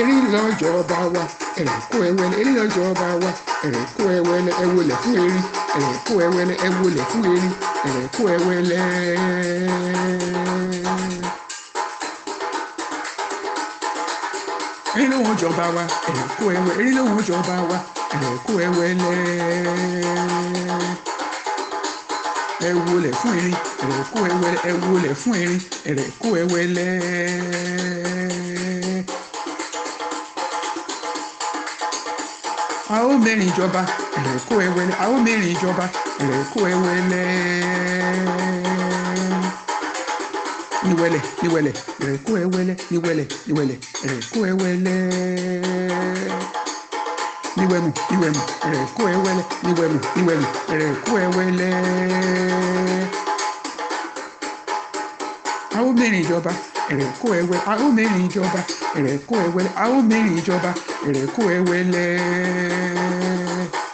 eré ìlànjọ wa ẹ̀rẹ̀ kó ẹwẹ́lẹ́ eré ìlànjọ ọba wa ẹ̀rẹ̀ kó ẹwẹ́lẹ́ ẹwọlẹ̀ fún eré ẹ̀rẹ̀ kó ẹwẹ́lẹ́ ẹwọlẹ̀ fún eré ẹ̀rẹ̀ kó ẹwẹ́lẹ́. eré lóhùn ìjọba wa ẹ̀rẹ̀ kó ẹwẹ́ eré lóhùn ìjọba wa ẹ̀rẹ̀ kó ẹwẹ́lẹ́ ẹwọlẹ̀ fún eré ẹ̀rẹ̀ kó ẹwẹ́lẹ́ fún eré ẹ̀rẹ̀ kó ẹwẹ́lẹ́. a ó mẹ́rin ìjọba ìrẹ̀kọ́ ẹwẹ́lẹ́ a ó mẹ́rin ìjọba ìrẹ̀kọ́ ẹwẹ́lẹ́ níwẹ̀lẹ̀ níwẹ̀lẹ̀ ìrẹ̀kọ́ ẹwẹ́lẹ́ níwẹ̀lẹ̀ níwẹ̀lẹ̀ ìrẹ̀kọ́ ẹwẹ́lẹ́ níwẹ̀mù níwẹ̀mù ìrẹ̀kọ́ ẹwẹ́lẹ́ níwẹ̀mù níwẹ̀mù ìrẹ̀kọ́ ẹwẹ́lẹ́ a ó mẹ́rin ìjọba ẹ̀rẹ̀kò ẹ̀wẹ̀ a ìjọba ẹ̀rẹ̀kò ẹ̀wẹ̀ a ìjọba ẹ̀rẹ̀kò ẹ̀wẹ̀ lẹ́ẹ̀.